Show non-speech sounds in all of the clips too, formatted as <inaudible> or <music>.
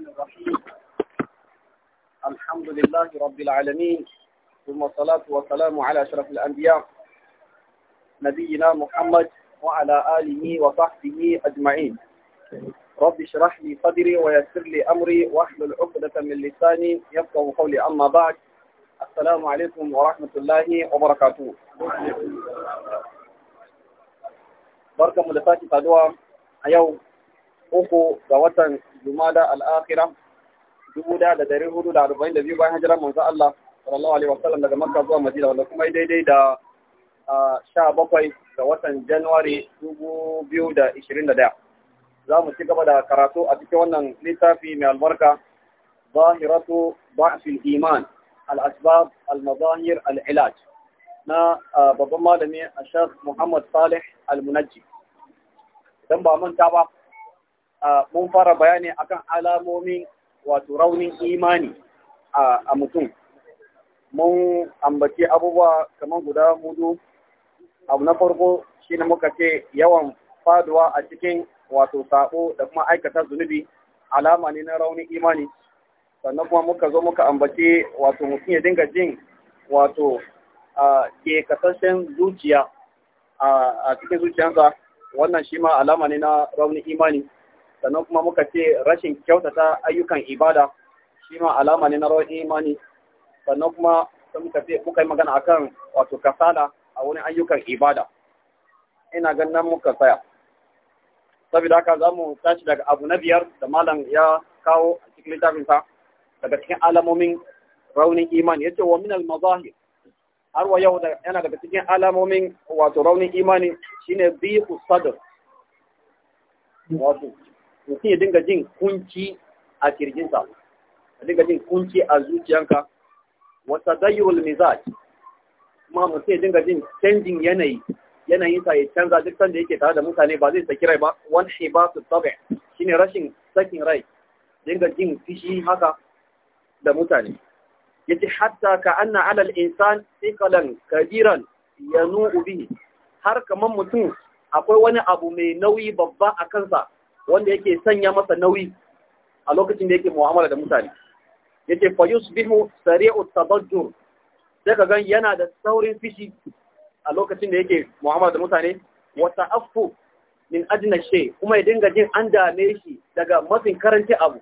الرحمن الرحيم الحمد لله رب العالمين ثم الصلاة والسلام على أشرف الأنبياء نبينا محمد وعلى آله وصحبه أجمعين رب اشرح لي صدري ويسر لي أمري واحلل عقدة من لساني يفقه قولي أما بعد السلام عليكم ورحمة الله وبركاته بركة ملفاتي قدوة أيوم uku دواتن Lumada al'akira dubu da da dari hudu da arba'in da biyu bayan hijirar manzo Allah sallallahu alaihi wasallam daga Makka zuwa Madina wanda kuma daidai da sha bakwai ga watan Januwari dubu biyu da ishirin da daya. Za mu ci gaba da karatu a cikin wannan littafi mai albarka zahiratu ba'fil iman al-asbab al-mazahir al-ilaj na babban malami a Sheikh Muhammad Salih al-Munajji. Idan ba manta ba mun fara bayani akan alamomin wato raunin imani a mutum mun ambaci abubuwa kamar guda hudu abu na farko shi ne muka ce yawan faduwa a cikin wato sabo da kuma aikata zunubi alama ne na raunin imani sannan kuma muka zo muka ambaci wato mutum ya dinga jin wato ke kasashen zuciya a cikin zuciyansa wannan shi ma alama ne na raunin imani sannan kuma muka ce rashin kyautata ayyukan ibada shi ma alama ne na rawar imani sannan kuma sun muka ce muka yi magana akan wato kasala a wani ayyukan ibada ina ganin muka tsaya saboda haka za mu tashi daga abu na biyar da malam ya kawo a cikin littafinsa daga cikin alamomin raunin imani yace wa min al-mazahir har wa yau yana daga cikin alamomin wato raunin imani shine ku sadr wato mutum ya dinga jin kunci a kirjinsa ya dinga jin kunci a zuciyanka wata dayyul mizaj kuma mutum ya dinga jin canjin yanayi yanayinsa ya canza duk sanda yake tare da mutane ba zai saki rai ba wani shi ba su shi shine rashin sakin rai dinga jin fishi haka da mutane yace hatta ka an na alal insan tsikalan kabiran yanu'u bihi har kamar mutum akwai wani abu mai nauyi babba a kansa wanda yake sanya masa nauyi a lokacin da yake mu'amala da mutane yace fa yusbihu sari'u tadajjur sai ka gan yana da saurin fishi a lokacin da yake mu'amala da mutane wa ta'affu min ajna shay kuma ya dinga jin an dame shi daga mafin karanci abu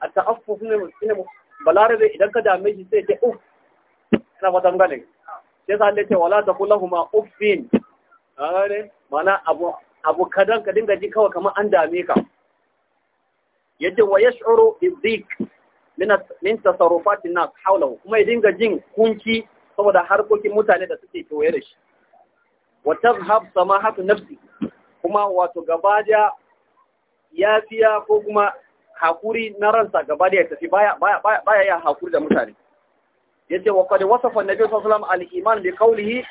a ta'affu ne balarabe idan ka dame shi sai ya ce uf ina fatan ganin sai sa Allah ya ce wala taqullahuma uffin ne mana abu abu kadan ka dinga ji kawai kamar an dame ka yadda wa yash'uru bidik min min tasarrufat nas hawlahu kuma ya dinga jin kunki saboda harkokin mutane da suke kewaye da shi wa tazhab samahatu nafsi kuma wato gabaja yafiya ko kuma hakuri na ransa gaba ya tafi baya baya baya ya hakuri da mutane yace wa qad wasafa an-nabi sallallahu alaihi wasallam al-iman bi qawlihi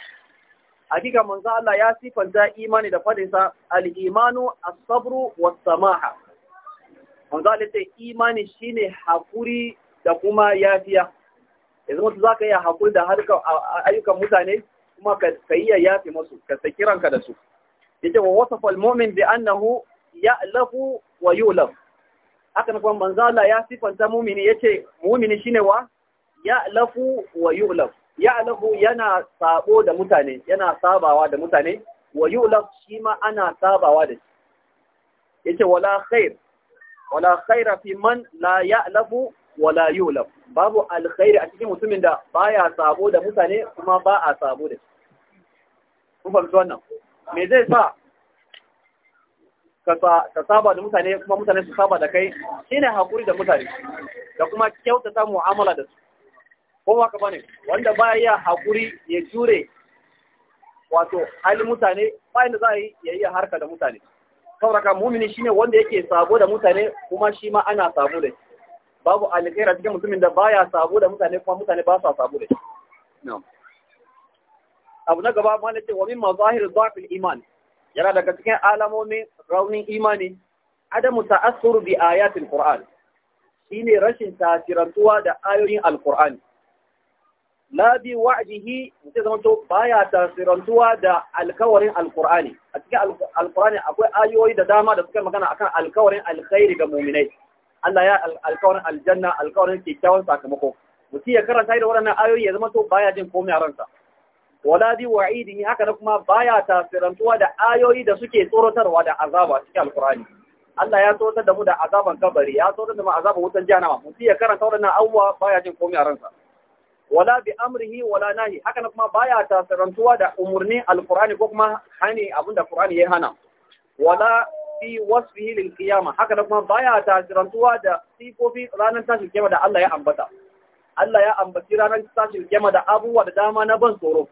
hakika manzo Allah ya sifanta imani da sa al-imanu as-sabru was-samaha manzo Allah ce imani shine hakuri da kuma yafiya yanzu mutum zaka yi hakuri da a ayyukan mutane kuma ka iya yafi musu ka saki ranka da su yace wa wasafa al-mu'min bi annahu ya'lafu wa yulaf haka kuma manzo Allah ya sifanta mu'mini yace mu'mini shine wa ya'lafu wa yulaf ya'lafu yana sabo da mutane yana sabawa da mutane wa yu'laf shi ma ana sabawa da shi yace wala khair wala khaira fi man la ya'lafu wala yulaf babu alkhairi a cikin mutumin da baya sabo da mutane kuma ba a sabo da ku fahimci wannan me zai sa ka saba da mutane kuma mutane su saba da kai shine hakuri da mutane da kuma kyautata mu'amala da su ko ka bane wanda ba ya hakuri ya jure wato halin mutane ba yadda za a yi ya yi harka da mutane sauraka mumini shine wanda yake sabo da mutane kuma shi ma ana sabo da babu alikaira cikin mutumin da ba ya sabo da mutane kuma mutane ba sa sabo da abu na gaba ma ce wani min mazahir zafin iman yana daga cikin alamomin raunin imani adamu ta'assuru bi ayatin qur'an shine rashin tasirantuwa da ayoyin alqur'ani la bi wa'dihi zai zama to baya tasirantuwa da alkawarin alqur'ani a cikin alqur'ani akwai ayoyi da dama da suka magana akan alkawarin alkhairi ga mu'minai Allah ya alkawarin aljanna alkawarin kyakkyawan sakamako mutum ya karanta da waɗannan ayoyi ya zama to baya jin komai a ransa wala bi wa'idihi haka na kuma baya tasirantuwa da ayoyi da suke tsorotarwa da azaba cikin alqur'ani Allah ya tsorotar da mu da azaban kabari ya tsorotar da mu azaban wutan jahannama mutum ya karanta waɗannan abubuwa baya jin komai a ransa wala bi amrihi wala nahi haka kuma baya tasirantuwa da umurni alqur'ani ko kuma hani abinda qur'ani ya hana wala fi wasfihi lil qiyamah haka kuma baya tasirantuwa da sifofi ranar tashin kiyama da Allah ya ambata Allah ya ambaci ranar tashin kiyama da abubuwa da dama na ban tsoro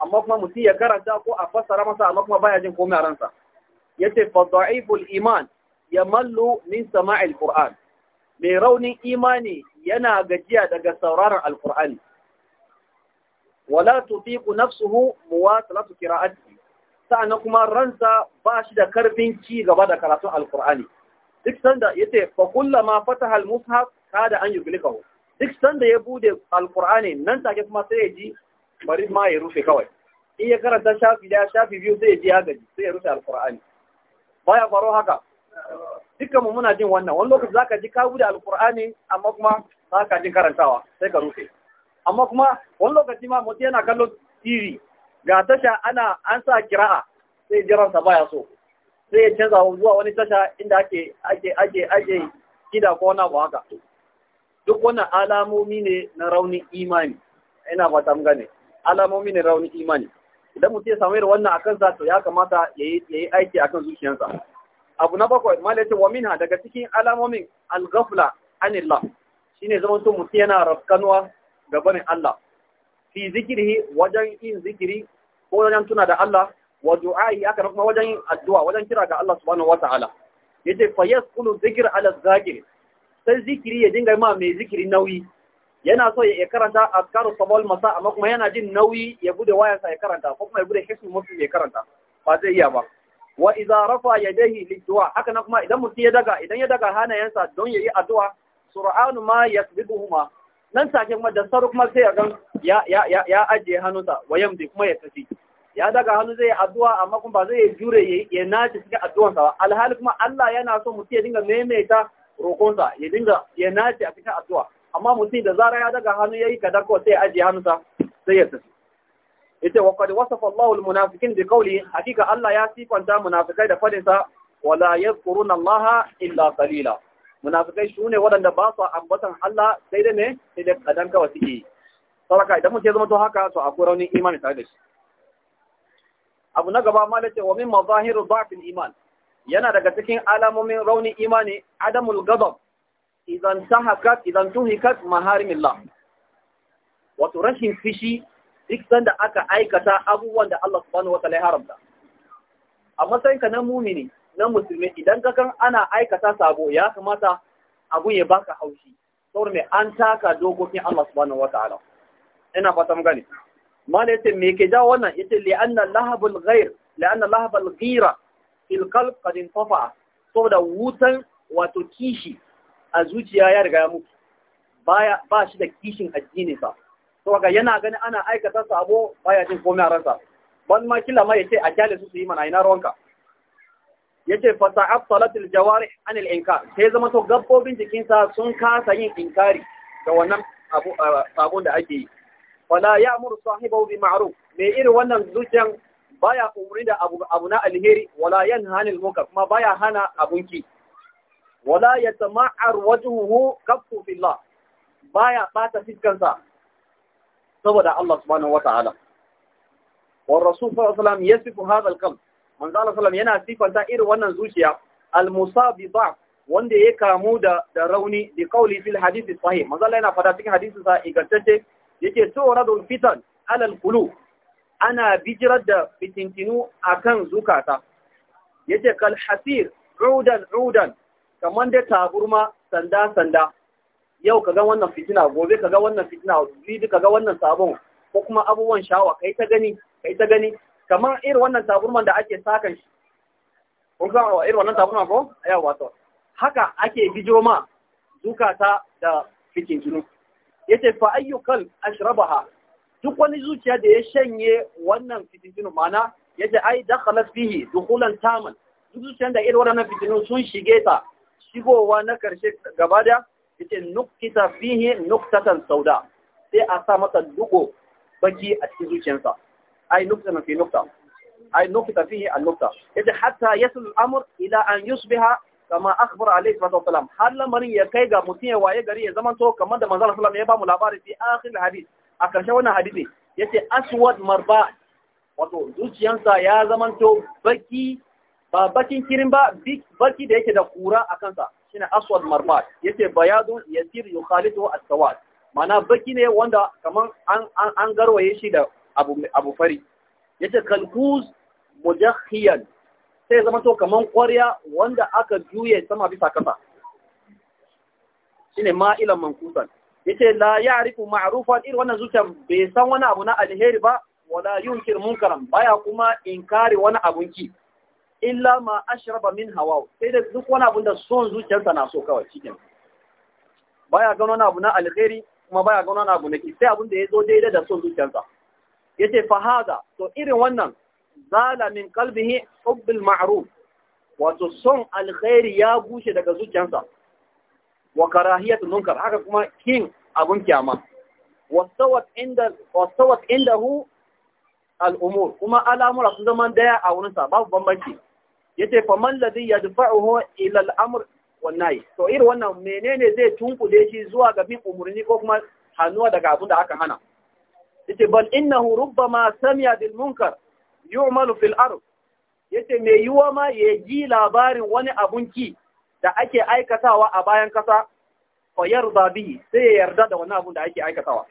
amma kuma mutum ya karanta ko a fassara masa amma kuma baya jin komai a ransa yace fa da'iful iman yamallu min sama'il qur'an mai raunin imani yana gajiya daga sauraron alqur'ani wala tutiqu nafsuhu muwasalatu qira'ati na kuma ransa ba shi da karfin ci gaba da karatun alqur'ani duk sanda yace fa kullama fataha almushaf kada an yuglikahu duk sanda ya bude alqur'ani nan take kuma sai ya ji bari ma ya rufe kawai in ya karanta shafi da shafi biyu sai ya ji ya gaji sai ya rufe alqur'ani baya faro haka dukkanmu muna jin wannan wani lokaci zaka ji ka bude alqur'ani amma kuma za ka jin karantawa sai ka rufe amma kuma wani lokaci ma mutum yana kallon TV ga tasha ana an sa kira'a sai jiransa baya so sai ya canza zuwa wani tasha inda ake ake ake ake kida ko haka duk wannan alamomi ne na raunin imani ina ba ta gane alamomi ne raunin imani idan mutum ya samu irin wannan akan sa to ya kamata ya yi aiki akan zuciyarsa abu na bakwai malaitin wa minha daga cikin alamomin al-ghafla anillah shine zama mutum yana rafkanuwa Gaba barin Allah fi zikrihi wajen yin zikiri ko wajen tuna da Allah wa du'a'i aka kuma wajen yin addu'a wajen kira ga Allah subhanahu wata'ala yace fa yasqulu dhikr ala zakir sai zikiri ya dinga ma mai zikiri nauyi yana so ya karanta azkaru sabal masa amma kuma yana jin nauyi ya bude wayansa ya karanta ko kuma ya bude hisbu mafi ya karanta ba zai iya ba wa idza rafa yadayhi liddu'a haka na kuma idan mutum ya daga idan ya daga hanayensa don yayi addu'a sur'anu ma yasbiquhuma nan take kuma da sauri kuma sai ya gan ya ajiye hannunsa wa yamdi kuma ya tafi ya daga hannu zai addu'a amma kuma ba zai yi jure ya nace cikin addu'ansa ba alhali kuma Allah yana so mutum ya dinga maimaita roƙonsa ya dinga ya nace a cikin addu'a amma mutum da zara ya daga hannu yi kadar ko sai ya ajiye hannunsa sai ya tafi ita wa qad wasafa Allahu al-munafiqin bi qawli hakika Allah ya sifanta munafikai da fadin sa wala yadhkuruna Allah illa qalila munafikai su ne waɗanda ba su ambatan Allah sai da ne sai kadan kawai suke saraka idan muke zama to haka to akwai raunin imani tare da shi abu na gaba ma ce wa min mazahiru dhafil iman yana daga cikin alamomin raunin imani adamul ghadab idan tahakat idan tuhikat maharimillah wato rashin fishi duk sanda aka aikata abubuwan da Allah subhanahu wataala ya haramta a matsayin ka na mumini na musulmi idan ka kan ana aikata sabo ya kamata abun ya baka haushi saboda mai an taka dokokin Allah subhanahu wataala ina fata mun gane mala ce me ke jawo wannan yace li anna lahabul ghair li anna lahabul ghira fil qalb qad intafa saboda wutan wato kishi a zuciya ya riga ya mutu baya ba shi da kishin addini sa to ga yana gani ana aikata sabo baya jin komai a ransa ban ma kila ma yace a kyale su su yi mana ina ruwanka yace fa ta'attalat al-jawarih Anil al-inkar sai zama to gabbobin jikinsa sun kasa yin inkari ga wannan abu sabon da ake yi wala ya'muru sahibahu bi ma'ruf me irin wannan zuciyan baya umri da abu abu na alheri wala yanha anil munkar kuma baya hana abunki wala yatama'ar wajhuhu kaffu billah baya bata fiskansa saboda Allah subhanahu wa ta'ala rasulullah sallallahu alaihi wasallam yasifu hadha al-qalb manzo Allah sallam yana sifanta irin wannan zuciya al-musabi wanda ya kamu da da rauni da kauli fil hadisi sahih manzo Allah yana fada cikin hadisin sa ingantacce yake turadul fitan ala al ana bijirar da fitintinu akan zukata yace kal hasir udan udan kaman da taburma sanda sanda yau kaga wannan fitina gobe kaga wannan fitina bibi kaga wannan sabon ko kuma abubuwan shawa kai ta gani kai ta gani kamar irin wannan taburman da ake saka shi kun irin wannan taburman ko ya wato, haka ake bijo ma zukata da fikin jinu yace fa ayyukan ashrabaha duk wani zuciya da ya shanye wannan fitintinu mana yace ai dakhalat fihi dukhulan taman duk da irin wannan fitinu sun shige ta shigowa na karshe gaba da yace nuqita fihi nuqtatan sauda sai a sa masa dugo baki a cikin zuciyarsa أي نكتة في نكتة أي نكتة فيه النكتة إذا حتى يصل الأمر إلى أن يصبح kama akhbar alayhi salatu wasalam har lamarin ya kai ga mutum ya waye gari ya zamanto kamar da manzo sallallahu ya ba mu labari fi akhir hadith a karshen wannan hadisi yace aswad marba wato zuciyansa ya zamanto ba bakin kirin ba baki da yake da kura a kansa shine aswad marba yace bayadun yasir yukhalitu as-sawad mana baki ne wanda kamar an an garwaye shi da abu fari Ya ce kalkuz mudakhiyan sai zama to kaman kwarya wanda aka juye sama bisa kasa shine ma'ilan mankusan ce la ya'rifu ma'arufan irin wannan zuciya bai san wani abu na alheri ba wala yunkir munkaran baya kuma inkari wani abunki illa ma ashraba min hawa sai da duk wani abun da son zuciyarsa na so kawai cikin baya gano wani abu na alheri kuma baya gano wani abu na ki sai abun da ya zo daidai da son zuciyarsa yace fa hada to irin wannan zala min qalbihi hubbul ma'ruf wato son alkhairi ya bushe daga zuciyarsa wa karahiyatu munkar haka kuma kin abun kiyama wasawat inda wasawat indahu al'umur kuma al'amura sun zama daya a wurin sa babu bambanci yace fa man ladhi yadfa'uhu ila al'amr wan nahi to irin wannan menene zai tunkule shi zuwa ga bin umurni ko kuma hannuwa daga abun da aka hana yace bal innahu rubbama sami'a bil munkar yu'malu fil ard yace me yuwa ma ya ji labarin wani abun ki da ake aikatawa a bayan kasa fa yarda bi sai ya yarda da wani abun da ake aikatawa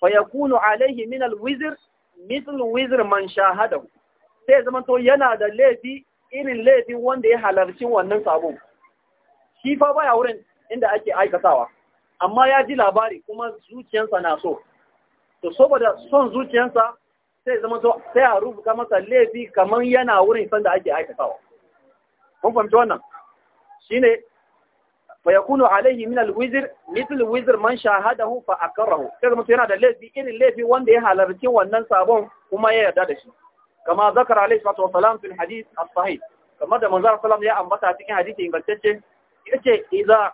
fa yakunu alaihi min al wizr mithl wizr man shahadahu sai ya zamanto yana da laifi irin laifin wanda ya halarci wannan sabo shi fa baya wurin inda ake aikatawa amma ya ji labari kuma zuciyarsa na so to saboda son zuciyarsa sai zama to sai a rubuta masa laifi kamar yana wurin san da ake aikatawa kun fahimci wannan shine fa yakunu alaihi min alwizr mithl wizr man shahadahu fa akrahu sai zama to yana da laifi irin laifi wanda ya halarci wannan sabon kuma ya yarda da shi kama zakar alaihi salatu wasalam fil hadith as-sahih kamar da manzon sallam ya ambata cikin hadisi ingantacce yace idza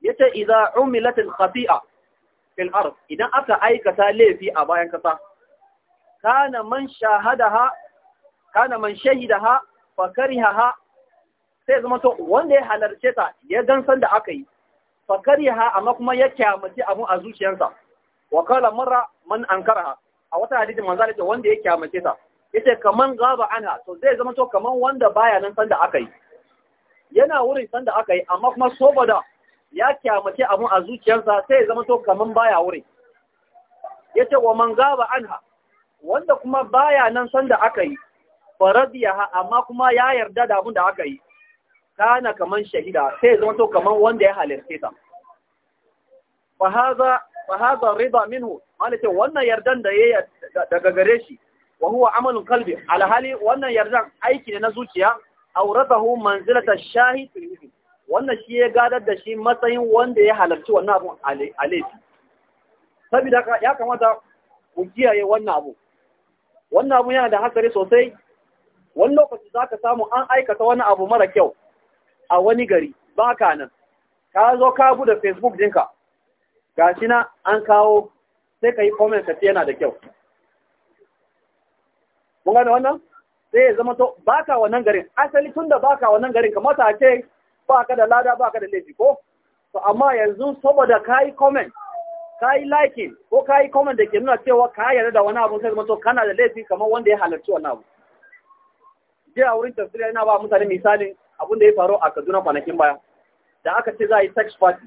yace idza umilat al-khati'a fil ard idan aka aikata laifi a bayan kasa kana man shahadaha kana man shahidaha fa karihaha sai zama to wanda ya halarce ta ya san da aka yi fa karihaha amma kuma ya kyamaci abu a zuciyarsa wa kala marra man ankaraha a wata hadisi manzo Allah wanda ya kyamace ta yace kaman gaba anha to zai zama to kaman wanda baya nan san da aka yi yana wurin san da aka yi amma kuma saboda ya kyamace abun a zuciyarsa sai ya zama to kaman baya wuri. yace wa man gaba anha wanda kuma baya nan san da aka yi faradiyaha amma kuma ya yarda da abun da aka yi kana kaman shahida sai ya zama to kaman wanda ya halarce ta fa hada fa hada rida minhu malaka wannan yardan da yayi daga gare shi wa huwa amalun qalbi alhali wannan yardan aiki ne na zuciya auratahu manzilata shahidi wannan shi ya gadar da shi matsayin wanda ya halarci wannan abun a laifi saboda ya kamata ku kiyaye wannan abu wannan abu yana da hasari sosai wani lokaci za ka samu an aikata wani abu mara kyau a wani gari ba ka nan ka zo ka bude facebook dinka ga shi na an kawo sai ka yi comment ka yana da kyau mun gane wannan sai ya zama to ka wannan garin asali tun da ba ka wannan garin kamata a ce ba ka da lada ba ka da laifi ko to amma yanzu saboda ka yi comment ka yi liking ko ka yi comment da ke nuna cewa ka yarda da wani abu sai zama to kana da laifi kamar wanda ya halarci wannan abu je a wurin tafsiri yana ba mutane misalin abin da ya faru a Kaduna kwanakin baya da aka ce za a yi sex party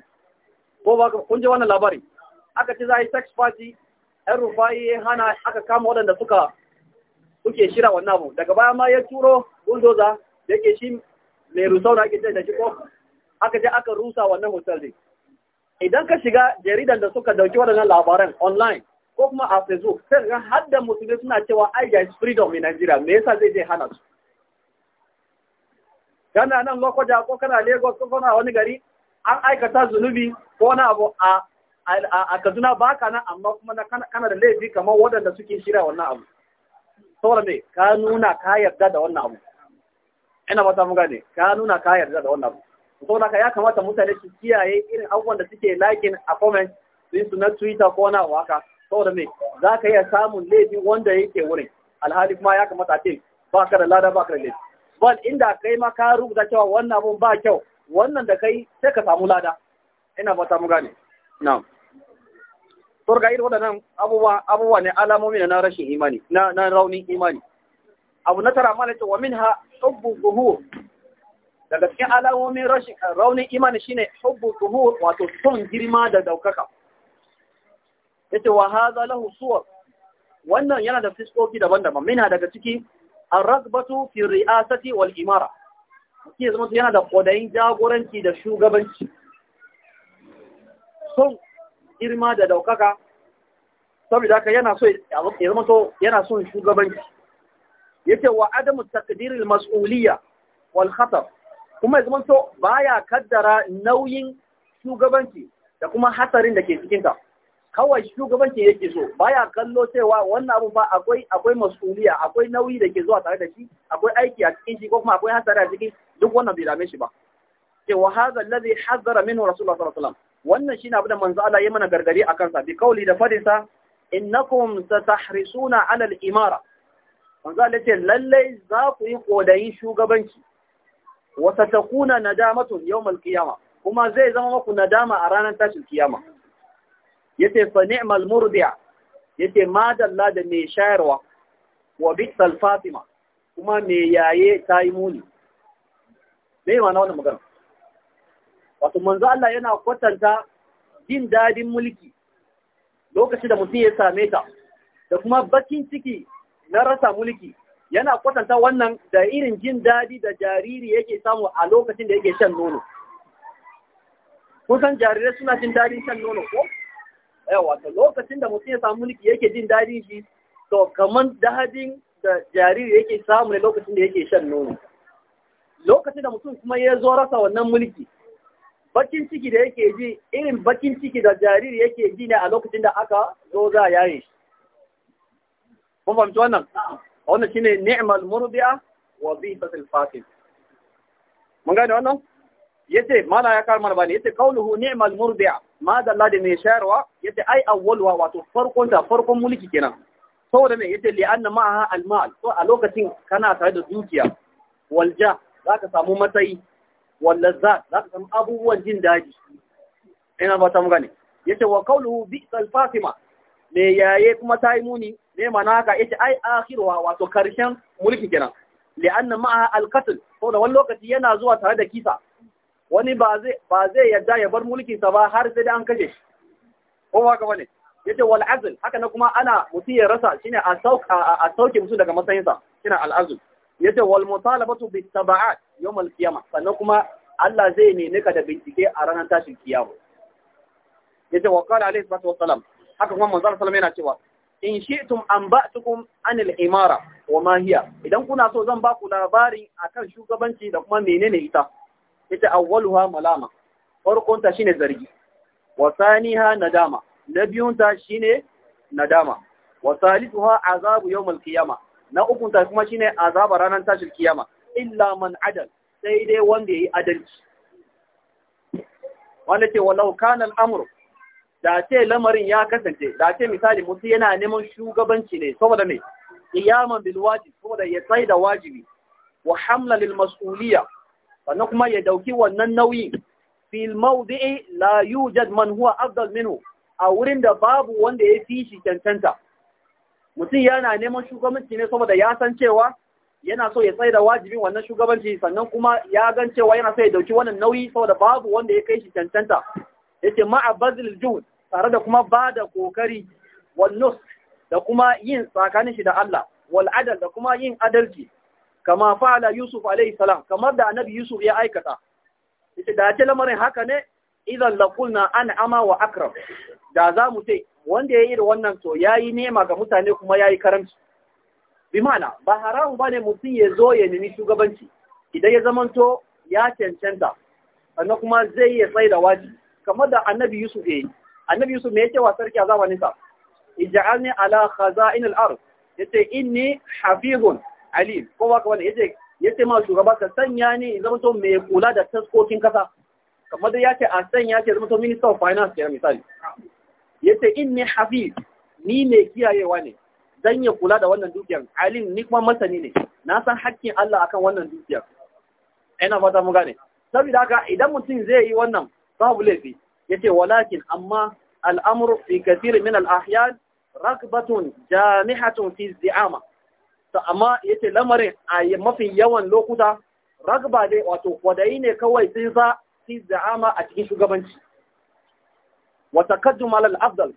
ko ba kun ji wannan labari aka ce za a yi sex party 'yan Rufai ya hana aka kama waɗanda suka suke shira wannan abu daga baya ma ya turo bulldozer da yake shi mai rusau da ake ce da shi ko aka je aka rusa wannan hotel din idan ka shiga jaridan da suka dauki waɗannan labaran online ko kuma a facebook sai ga har da musulmi suna cewa ai ga freedom in Nigeria me yasa zai je hana su kana nan lokaci ko kana Lagos ko kana wani gari an aikata zunubi ko wani abu a a Kaduna baka nan amma kuma na kana da laifi kamar waɗanda suke shirya wannan abu saboda me ka nuna ka yarda da wannan abu ina mata mun gane ka nuna ka yarda da wannan to ka ya kamata mutane su kiyaye irin abubuwan da suke lakin a comment din su na Twitter ko na haka saboda me za ka iya samun laifi wanda yake wurin alhali kuma ya kamata ce ba ka da lada ba ka da laifi bal inda kai ma ka rubuta cewa wannan abun ba kyau wannan da kai sai ka samu lada ina fata mu gane na'am to ga irin waɗannan abubuwa abubuwa ne alamomi na rashin imani na na raunin imani abu na tara mana ce wa minha hubbu zuhur daga cikin alamomin rashin raunin imani shine hubbu zuhur wato son girma da daukaka yace wa hadha lahu suwar wannan yana da fiskoki daban-daban mina daga ciki ar-ragbatu fi ri'asati wal imara kike zama yana da kodayin jagoranci da shugabanci son girma da daukaka saboda yana so ya zama yana son shugabanci yace wa adamu takdiril mas'uliyya wal khatar kuma ya zamanto baya kaddara nauyin shugabanci da kuma hatsarin da ke cikin ta kawai shugabanci yake so baya kallo cewa wannan abu ba akwai akwai mas'uliyya akwai nauyi da ke zuwa tare da shi akwai aiki a cikin shi ko kuma akwai hatsari a cikin duk wannan bai dame shi ba ce wa hadha alladhi hazzara minhu rasulullah sallallahu alaihi wasallam wannan shine abin da manzo Allah ya mana gargadi akan sa bi kauli da fadin sa innakum satahrisuna ala al-imara manzo Allah ce lallai za ku yi kodayin shugabanci wa satakuna nadamatu yawmal qiyama kuma zai zama maku nadama a ranar tashin kiyama yace fa ni'mal murdi'a yace ma dalla da mai shayarwa wa bi'sal fatima kuma mai yaye ta yi muni me ma na wannan magana wato manzo Allah yana kwatanta jin dadin mulki lokacin da mutum ya same ta da kuma bakin ciki na rasa mulki yana kwatanta wannan da irin jin daɗi da jariri yake samu a lokacin da yake shan nono kusan jarirai suna jin daɗin shan nono ko yawa to lokacin da mutum ya samu mulki yake jin daɗin shi to kaman dadin da jariri yake samu ne lokacin da yake shan nono lokacin da mutum kuma ya zo rasa wannan mulki bakin ciki da yake ji irin bakin ciki da jariri yake ji ne a lokacin da aka zo za a yaye shi kun fahimci wannan wannan shine ni'mal murdi'a wa bihatil fatih mun gane wannan yace mana ya kar mana bani yace qawluhu ni'mal murdi'a ma da Allah da mai shayarwa yace ai awwalwa wato farkon ta farkon mulki kenan saboda me yace li anna ma'aha al mal to a lokacin kana tare da dukiya wal za ka samu matsayi wal za ka samu abubuwan jin daji ina ba ta mu gane yace wa qawluhu bi'sal fatima me yaye kuma ta yi muni me mana haka ita ai akhirwa wato karshen mulki kenan li'anna ma al-qatl ko da wani lokaci yana zuwa tare da kisa wani ba zai ba zai yadda ya bar mulkin sa ba har sai da an kashe shi ko ka bane yace wal azl haka na kuma ana mutum ya rasa shine a sauke a sauke musu daga matsayin sa shine al azl yace wal mutalabatu bi tabaat yawm al qiyamah sannan kuma Allah zai nemi ka da bincike a ranar tashin kiyama yace wa qala alayhi salatu wassalam haka kuma manzo sallallahu yana cewa in shi'tum an ba'tukum anil imara wa ma hiya idan kuna so zan ba ku labari akan shugabanci da kuma menene ita ita awwaluha malama farkon ta shine zargi wa thaniha nadama na biyun ta shine nadama wa salisuha azabu al qiyama na ukun ta kuma shine azaba ranar tashin kiyama illa man adal sai dai wanda yayi adalci wanda ce walau kana al'amru da ce lamarin ya kasance da ce misali musu yana neman shugabanci ne saboda ne iyaman bil wajib saboda ya sai da wajibi wa hamla lil mas'uliyya sannan kuma ya dauki wannan nauyi fil mawdi'i la yujad man huwa afdal minhu a wurin da babu wanda ya fi shi cancanta mutum yana neman shugabanci ne saboda ya san cewa yana so ya tsaye da wajibin wannan shugabanci sannan kuma ya gan cewa yana so ya dauki wannan nauyi saboda babu wanda ya kai shi cancanta yace ma'a bazil juhud tare da kuma ba da kokari wal da kuma yin tsakanin shi da Allah wal adal da kuma yin adalci kama fa'ala Yusuf alaihi salam kamar da annabi Yusuf ya aikata ita da ce lamarin haka ne idan na an'ama wa akram da za mu ce wanda yayi da wannan to yayi nema ga mutane kuma yayi karamci bi mana ba haramu bane mutum ya zo ya nemi shugabanci idan ya zamanto ya cancanta sannan kuma zai ya tsaye da waji kamar da annabi Yusuf ya annabi yusuf me yake wa sarki a zamanin sa ij'alni ala khaza'in al-ard yace inni hafizun alim ko ba wani yace yace ma shugaba ka sanya ni zama to me kula da taskokin kasa kamar da yace a sanya ce zama to minister of finance kenan misali yace inni hafiz ni me kiyayewa ne dan ya kula da wannan dukiyar Ali ni kuma masani ne na san hakkin Allah akan wannan dukiyar ina fata mu gane saboda haka idan mutum zai yi wannan babu laifi yace walakin amma al'amur fi kafir min al-ahyan ragbatun jamihatun fi zi'ama to amma yace lamarin a mafi yawan lokuta ragba dai wato kwadayi ne kawai sun za fi za'ama a cikin shugabanci wa taqaddum ala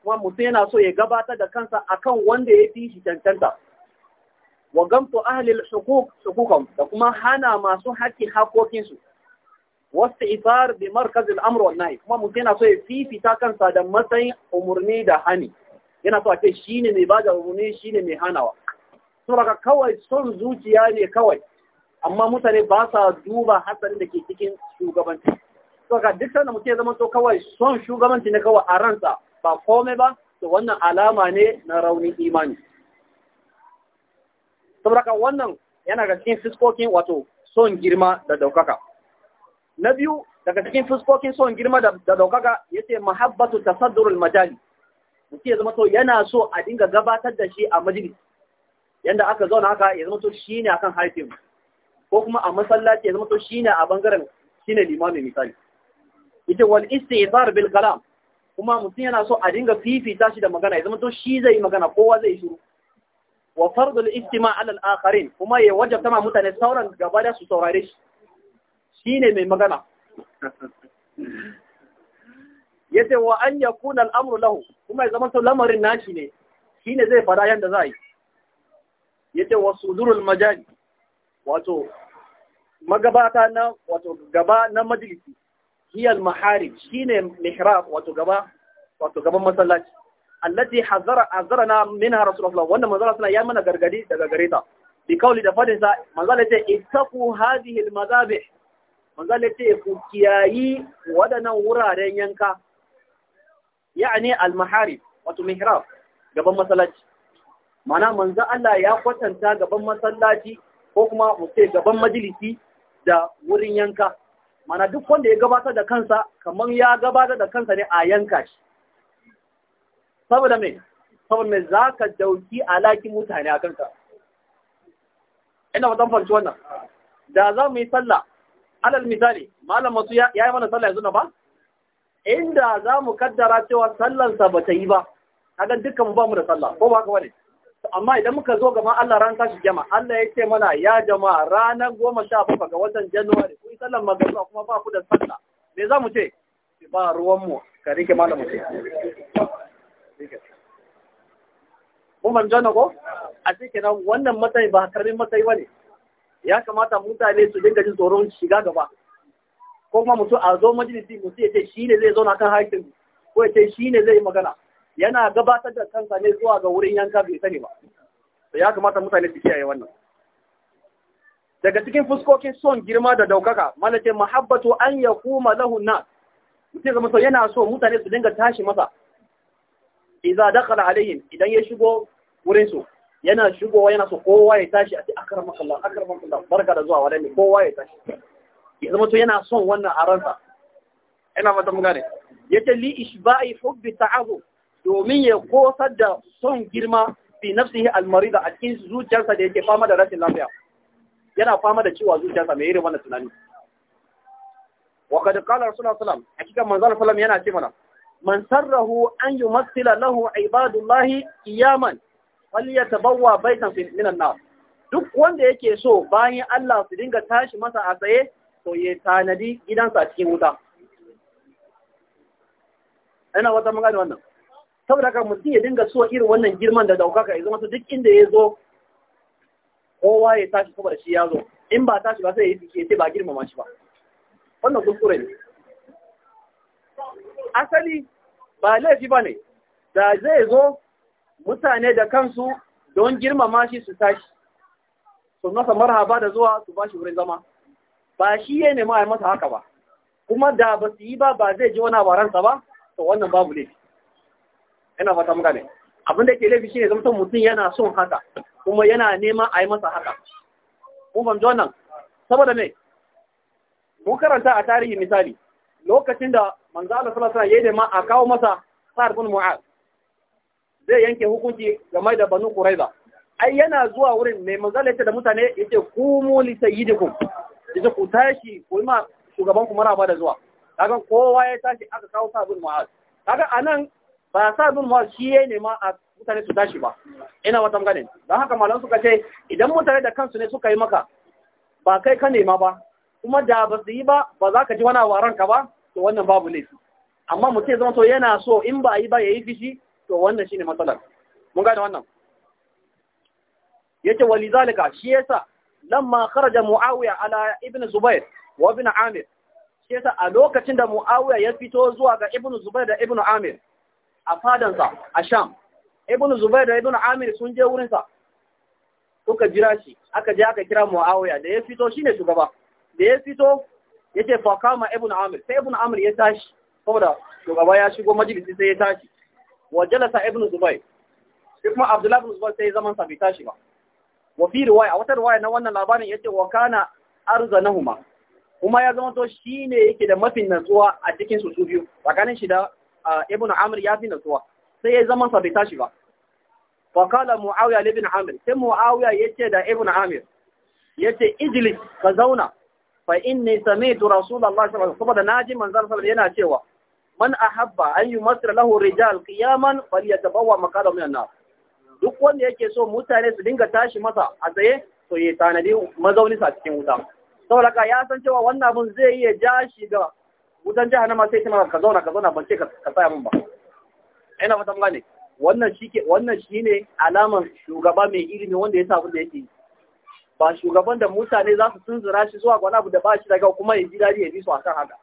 kuma mutum yana so ya gabatar da kansa akan wanda ya fi shi cancanta wa gamto ahli al da kuma hana masu haƙƙi haƙoƙin wasu isar bi markazin amr wal kuma mutum yana so ya fifita kansa da matsayin umurni da hani yana so a ce ne mai bada umurni ne mai hanawa saboda kawai son zuciya ne kawai amma mutane ba sa duba hatsarin da ke cikin shugabanci saboda duk sanda mutum ya zama to kawai son shugabanci ne kawai a ransa ba komai ba to wannan alama ne na raunin imani saboda wannan yana ga cikin fiskokin wato son girma da daukaka na biyu daga cikin fuskokin son girma da daukaka ce mahabbatu tasaddurul majali mutum ya zama to yana so a dinga gabatar da shi a majalis yanda aka zauna haka ya zama to a akan haifin ko kuma a masallaci ya zama to ne a bangaren shi ne limamin misali ita wal istighfar bil kalam kuma mutum yana so a dinga fifita shi da magana ya zama to shi zai magana kowa zai shiru wa fardul istima ala al akharin kuma ya wajabta ma mutane sauran gaba da su saurare shi shi ne mai magana ya ce wa an ya kuna al'amuru lahu kuma ya zama lamarin nashi ne shi ne zai fara yadda za a yi ya ce wa sudurul majali wato magabata na wato gaba na majalisi hiyal mahari shi ne mihra wato gaba wato gaban masallaci allati hazara azarana minha rasulullah wanda manzara suna ya mana gargadi daga gareta bi kauli da fadin sa ce ittaqu hadhihi al madabih manzala ce ku kiyayi waɗannan wuraren yanka ya'ani al-maharib wato mihrab gaban masallaci mana manzo Allah ya kwatanta gaban masallaci ko kuma mu ce gaban majalisi da wurin yanka mana duk wanda ya gabatar da kansa kamar ya gabatar da kansa ne a yanka shi saboda me saboda me zaka dauki alaki mutane a kanka ina fatan fanci wannan da za mu yi sallah alal misali malam masu ya yi mana sallah ya zuna ba inda za mu kaddara cewa sallansa ba ta yi ba kaga dukkan mu ba mu da sallah ko ba haka bane amma idan muka zo gama Allah ran tashi jama Allah ya ce mana ya jama ranar goma sha bakwai ga watan ku yi sallan magana kuma ba ku da sallah me za mu ce ba ruwan mu ka rike malam ce mun ban jana ko a cikin wannan matsayi ba karbin matsayi ne. ya kamata mutane su dinga jin tsoron shiga gaba ko kuma mutum a zo majalisi mutum ya ce shi ne zai zauna kan haƙin ko ya ce shi ne zai magana yana gabatar da kansa ne zuwa ga wurin yanka bai sani ba ya kamata mutane su kiyaye wannan daga cikin fuskokin son girma da daukaka malaka mahabbatu an yakuma lahu na mutum zama so yana so mutane su dinga tashi masa Iza dakhala alaihim idan ya shigo wurin su yana shigowa yana so kowa ya tashi a ce akramaka Allah akramaka Allah barka da zuwa wadai kowa ya tashi ya zama to yana son wannan a ransa ina mata mun gane yace li ishba'i hubbi ta'ahu domin ya kosar da son girma fi nafsihi almarida a cikin zuciyarsa da yake fama da rashin lafiya yana fama da cewa zuciyarsa mai irin wannan tunani wa kad qala rasulullah sallam hakika manzon sallam yana ce mana man sarrahu an yumassila lahu ibadullahi qiyaman tabawa baitan minan nar duk wanda yake so bayan Allah su dinga tashi masa a tsaye to ya tanadi gidansa a cikin wuta ina wata magana wannan saboda ka mutum ya dinga so irin wannan girman da daukaka ya zama duk inda ya zo kowa ya tashi saboda shi ya zo in ba tashi ba sai ya yi fice sai ba girmama shi ba wannan kuskure ne asali ba laifi ba ne da zai zo mutane da kansu don girmama shi su tashi su masa marhaba da zuwa su ba shi wurin zama ba shi ya nema a masa haka ba kuma da ba su yi ba ba zai ji wani abaransa ba to wannan babu laifi Yana fata muka ne abin da ke laifi shine zamtan mutum yana son haka kuma yana nema a yi masa haka kun fahimci wannan saboda me mun karanta a tarihi misali lokacin da manzo Allah sallallahu alaihi wasallam ya nema a kawo masa Sa'ad bin Mu'adh zai yanke hukunci game da banu ba ai yana zuwa wurin mai manzala yace da mutane yace kumu li sayyidikum yace ku tashi ku ma shugaban ku ba da zuwa kaga kowa ya tashi aka kawo sabon mu'az kaga anan ba sabun mu'az shi ne ma a mutane su tashi ba ina wata magana don haka malam suka ce idan mutane da kansu ne suka yi maka ba kai ka nema ba kuma da ba su yi ba ba za ka ji wani waran ka ba to wannan babu laifi amma mutum zama to yana so in ba a yi ba ya yi fishi to wannan shine matsalar mun gane wannan yace walizalika shi yasa lamma kharaja muawiya ala ibn zubair wa ibn amir shi yasa a lokacin da muawiya ya fito zuwa ga ibn zubair da ibn amir a fadansa a sham ibn zubair da ibn amir sun je wurin sa suka jira shi aka je aka kira muawiya da ya fito shine shugaba da ya fito yace fa kama ibn amir sai ibn amir ya tashi saboda shugaba ya shigo majalisi sai ya tashi wa jalasa ibn zubair shi kuma abdullahi ibn zubair sai zaman sa bai tashi ba wa fi riwaya wata riwaya na wannan labarin yace wa kana arzanahuma kuma ya zama to shine yake da mafin natsuwa a cikin su su biyu Bakanin shi da ibn amr ya fi natsuwa sai ya zama sa bai tashi ba fa kala muawiya ibn amr sai muawiya yace da ibn amr yace ijlis ka zauna fa inni sami'tu rasulullahi sallallahu alaihi wasallam saboda naji manzon sallallahu yana cewa man ahabba an yi masar lahu rijal qiyaman falyatabawa makara mai annar duk wanda yake so mutane su dinga tashi masa a tsaye to ya tanadi mazauni sa cikin wuta saboda ka ya san cewa wannan abun zai iya ja shi ga wutan jihar na masu ka zauna ka zauna ban ka tsaya mun ba ina fata mun gane wannan shike wannan shine alaman shugaba mai ilimi wanda ya sa abin da yake ba shugaban da mutane za su tunzura shi zuwa ga wani abu da ba shi daga kuma ya ji dadi ya bi su akan haka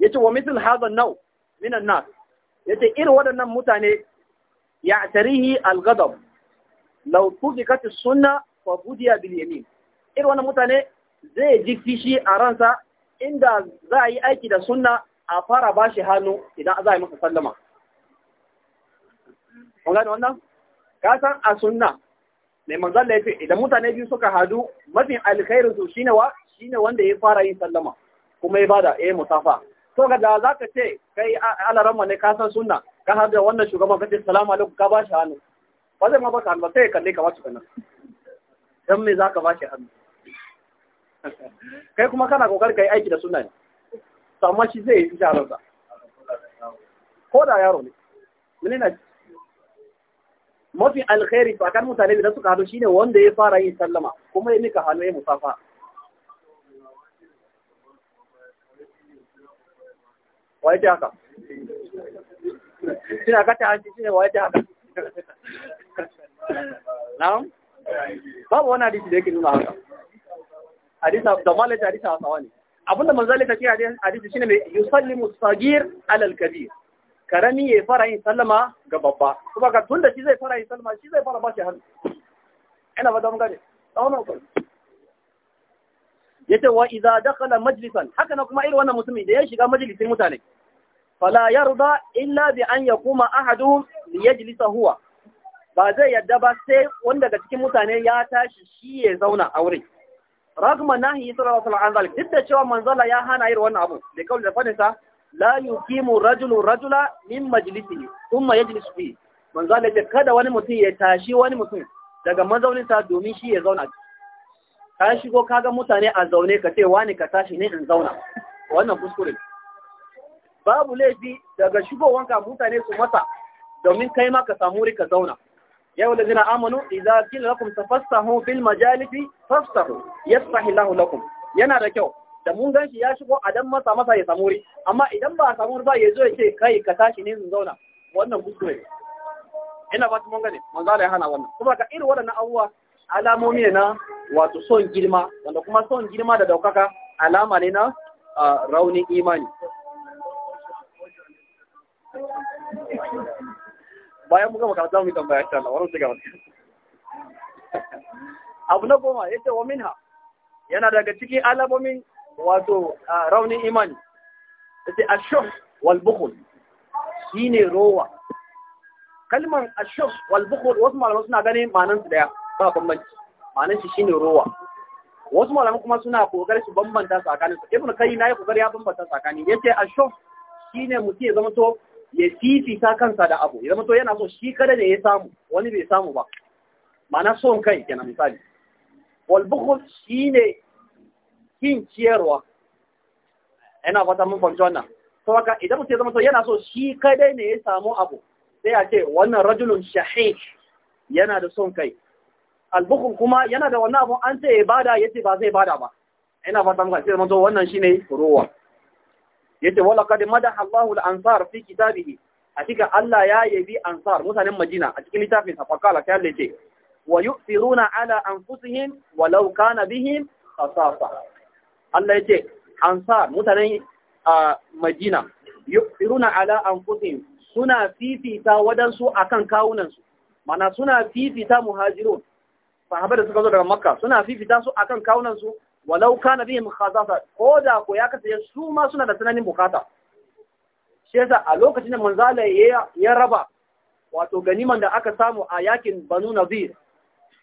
yace wa mithl hadha an-naw min an-nas yace irin waɗannan mutane ya tarihi ghadab law kati as-sunnah fa irin wannan mutane zai ji fishi a ransa inda za yi aiki da sunna a fara bashi hannu idan za a yi masa sallama kun wannan ka san a sunna mai manzon da yace idan mutane biyu suka hadu mafi alkhairin shine wa shine wanda ya fara yin sallama kuma ya bada eh musafa so ga da za ka ce kai alaran ne ka san ka har da wannan shugaban kace salamu alaikum ka bashi hannu ba zai ma ka hannu sai kalle ka ba shi kana dan me za ka ba shi hannu <laughs> kai kuma kana ka kai aiki da suna ne to amma shi zai yi jaransa ko da yaro ne mene na mafi alkhairi tsakan mutane da suka haɗu shine wanda ya fara yin sallama kuma ya mika hannu ya musafa wa yake haka suna kata hanci shine wa yake haka na'am babu wani hadisi da yake nuna haka hadisi da malaji hadisi a sawa ne abinda manzali ta ce hadisi shine mai yusallimu sagir alal kabir karami ya fara yin sallama ga babba kuma ka tun da shi zai fara yin sallama shi zai fara ba shi hannu ina fata mun gane tsawon ku yace wa idza dakhala majlisan haka na kuma irin wannan mutumin da ya shiga majalisin mutane fala yarda illa bi an yakuma ahaduhum liyajlisa huwa ba zai yadda ba sai wanda daga cikin mutane ya tashi shi ya zauna a wurin ragma nahi sallallahu alaihi wasallam zalik duk da cewa manzala ya hana yin wannan abu da kawai da fadinsa la yuqimu rajulu rajula min majlisihi thumma yajlisu fihi manzala ya kada wani mutum ya tashi wani mutum daga sa domin shi ya zauna ka shigo kaga mutane a zaune ka ce wani ka tashi ne in zauna wannan kuskure babu laifi daga shigowanka mutane su masa domin kai ma ka samu rika zauna yau da zina amanu idza kila lakum tafassahu fil majalisi fafsahu yafsahu lahu lakum yana da kyau da mun ganshi ya shigo a dan masa masa ya samu amma idan ba a samu ba ya zo ya ce kai ka tashi ne zauna wannan ne. ina ba mun gane manzo Allah ya hana wannan kuma ka irin waɗannan abuwa alamomi ne na wato son girma wanda kuma son girma da daukaka alama ne na raunin imani bayan muka makaranta mu tambaya insha Allah wannan shiga abu na goma yace wa minha yana daga cikin alamomin wato raunin imani yace ashuh wal bukhul shine rowa kalmar ashuh wal bukhul wasu malamai suna ganin ma'anar su daya ba bambanci ma'anar shi shine rowa wasu malamai kuma suna kokarin su bambanta tsakanin su ibnu kayyim nayi kokari ya bambanta tsakanin yace ashuh shine mutum ya zama to ya fifita kansa da abu ya zama to yana so shi kada da ya samu wani bai samu ba Mana son kai kenan misali wal bukhul shine kin ciyarwa ina fata mun fahimci wannan to haka idan mutum ya zama to yana so shi kada ne ya samu abu sai a ce wannan rajulun shahih yana da son kai albukun kuma yana da wannan abu an sai ya bada ya ce ba zai bada ba ina fata mun ce zama wannan shine ruwa yace wala qad madaha Allahu al-ansar fi kitabihi hakika Allah ya yabi ansar mutanen Madina a cikin littafin sa fakala sai Allah wa yu'thiruna ala anfusihim walau kana bihim khasasa Allah yace ansar mutanen Madina yu'thiruna ala anfusihim suna fifita wadansu akan kawunan su mana suna fifita muhajirun sahabai da suka zo daga Makka suna fifita su akan kawunan su walau kana bihim khazafa ko da ko ya kasance su ma suna da tunanin bukata shi yasa a lokacin da manzala ya raba wato ganiman da aka samu a yakin banu nadir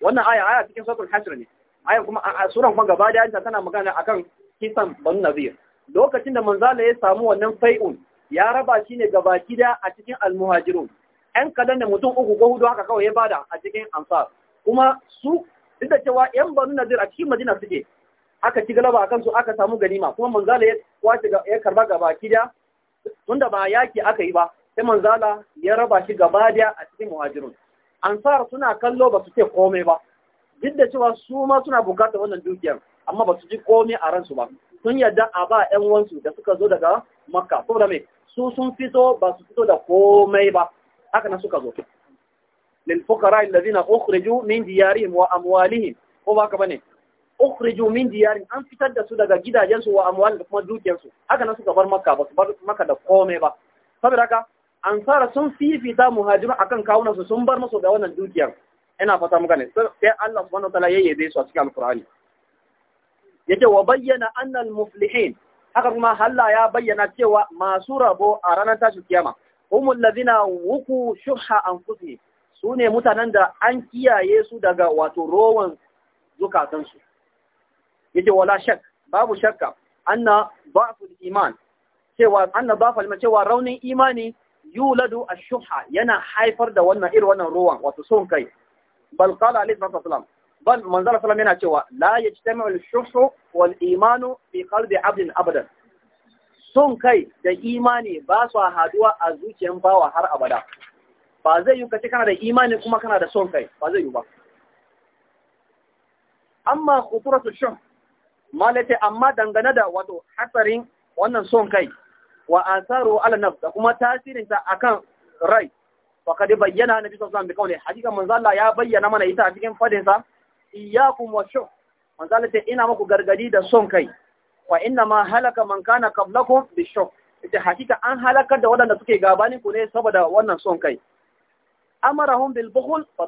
wannan aya aya cikin suratul hasr ne aya kuma a suran kuma gaba da yanta tana magana akan kisan banu nadir lokacin da manzala ya samu wannan fai'un ya raba shi ne gaba gida a cikin almuhajirun ɗan kadan da mutum uku ko hudu haka kawai ya bada a cikin ansar kuma su duk da cewa yan banu nadir a cikin madina suke aka ci galaba akan su aka samu ganima kuma manzala ya kwace ya karba gaba kida tunda ba yaki aka yi ba sai manzala ya raba shi gaba daya a cikin muhajirun ansar suna kallo ba su ce komai ba duk da cewa su ma suna bukatar wannan dukiyar amma ba su ji komai a ransu ba sun yadda a ba ƴan wansu da suka zo daga makka saboda me su sun fito ba su fito da komai ba haka nan suka zo lil الذين alladhina من min diyarihim wa ko ukhriju min diyarin an fitar da su daga gidajensu wa amwal da kuma dukiyarsu haka nan suka bar makka ba su bar makka da komai ba saboda haka ansara sun fifita muhajiru akan kawunan su sun bar musu da wannan dukiyar ina fata muka ne sai Allah subhanahu wataala ya yabe su a cikin alqur'ani yace wa bayyana annan muflihin haka kuma Allah ya bayyana cewa masu rabo a ranar tashin kiyama humul ladina wuku shuha anfusihim su ne mutanen da an kiyaye su daga wato rowan zukatansu yake wala shak babu shakka anna ba'ful iman cewa anna ba'ful cewa raunin imani yuladu ash shuhha yana haifar da wannan irin wannan ruwan wato son kai bal qala alayhi sallam bal manzal sallam yana cewa la yajtami'u ash shuhhu wal imanu fi qalbi 'abdin abadan son kai da imani ba su haduwa a zuciyar bawa har abada ba zai yi kace kana da imani kuma kana da son kai ba zai yi ba amma khuturatu shuh malace amma dangane da wato hatsarin wannan son kai wa asaru ala nafs da kuma tasirin ta akan rai fa kad bayyana nabi sallallahu alaihi wasallam hakika manzo Allah ya bayyana mana ita a cikin fadin sa iyyakum wa shuh manzo Allah ina muku gargadi da son kai wa inna ma halaka man kana qablakum bi shuh ita hakika an halakar da wadanda suke gabanin ku ne saboda wannan son kai amarahum bil bukhl fa